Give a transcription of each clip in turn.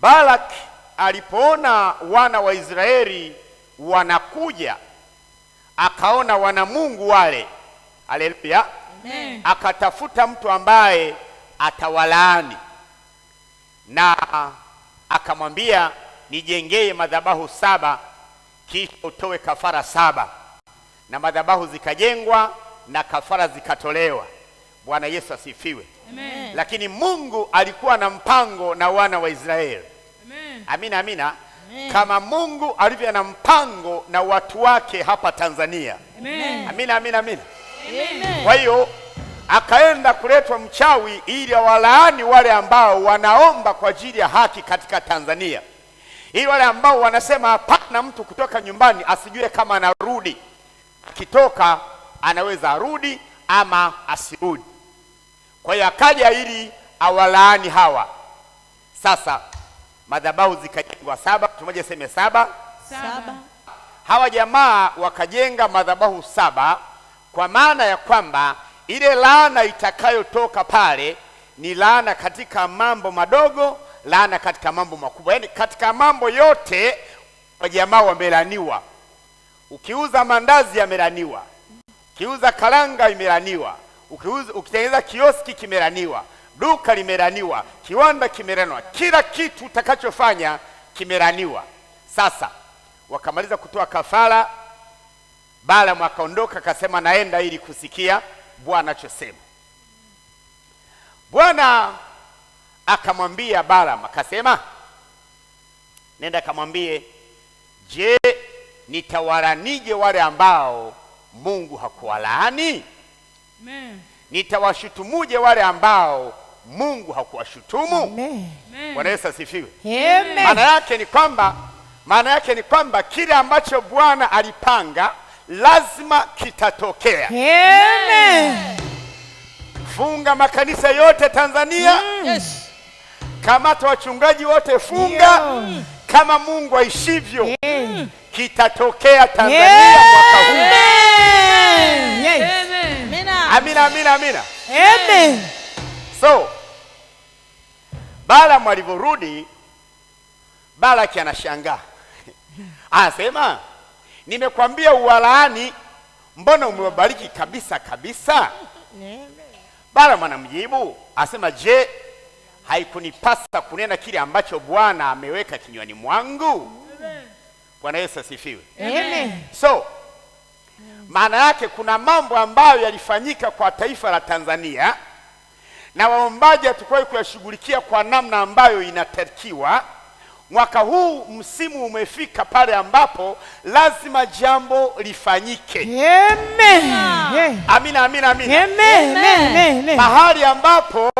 Balak alipoona wana wa Israeli wanakuja, akaona wana Mungu wale, haleluya, akatafuta mtu ambaye atawalaani na akamwambia, nijengee madhabahu saba, kisha utoe kafara saba. Na madhabahu zikajengwa na kafara zikatolewa. Bwana Yesu asifiwe, amen lakini Mungu alikuwa na mpango na wana wa Israeli. Amen. Amina, amina. Amen. Kama Mungu alivyo na mpango na watu wake hapa Tanzania. Amen. Amina, amina, amina. Amen. Kwa hiyo akaenda kuletwa mchawi ili awalaani wale ambao wanaomba kwa ajili ya haki katika Tanzania, ili wale ambao wanasema hapana mtu kutoka nyumbani asijue kama anarudi, akitoka anaweza arudi ama asirudi. Kwa hiyo akaja ili awalaani hawa. Sasa madhabahu zikajengwa saba, tumoja mmoja saba. Saba. Hawa jamaa wakajenga madhabahu saba, kwa maana ya kwamba ile laana itakayotoka pale ni laana katika mambo madogo, laana katika mambo makubwa, yaani katika mambo yote wajamaa wamelaniwa. Ukiuza mandazi yamelaniwa, ukiuza karanga imelaniwa ukitengeneza kioski kimeraniwa, duka limeraniwa, kiwanda kimeraniwa, kila kitu utakachofanya kimeraniwa. Sasa wakamaliza kutoa kafara, Balaamu akaondoka akasema, naenda ili kusikia Bwana anachosema. Bwana akamwambia Balaamu akasema, nenda akamwambie, je, nitawalanije wale ambao Mungu hakuwalaani? Nitawashutumuje wale ambao Mungu hakuwashutumu? Bwana Yesu asifiwe. Maana yake ni kwamba maana yake ni kwamba kile ambacho Bwana alipanga lazima kitatokea. Amen. Funga makanisa yote Tanzania. Mm. Yes. Kamata wachungaji wote, funga Yo. Kama Mungu aishivyo, Kitatokea Tanzania Amen. mwaka huu amina, amina, amina. Amen. So Balaamu alivyorudi, Balaki anashangaa anasema, nimekwambia uwalaani, mbona umewabariki kabisa kabisa? Balaamu anamjibu asema, je, haikunipasa kunena kile ambacho Bwana ameweka kinywani mwangu? Bwana Yesu asifiwe. Amen. So maana yake kuna mambo ambayo yalifanyika kwa taifa la Tanzania na waombaji hatukuwahi kuyashughulikia kwa namna ambayo inatakiwa. Mwaka huu msimu umefika pale ambapo lazima jambo lifanyike. Amen. Amina, amina, amina. Amen. Amen. Mahali ambapo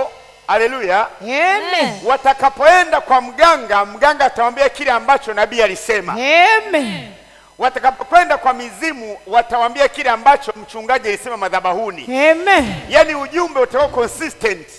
Haleluya. Amen. Watakapoenda kwa mganga, mganga atamwambia kile ambacho nabii alisema. Amen. Watakapokwenda kwa mizimu watawambia kile ambacho mchungaji alisema madhabahuni. Amen. Yaani ujumbe utakuwa consistent.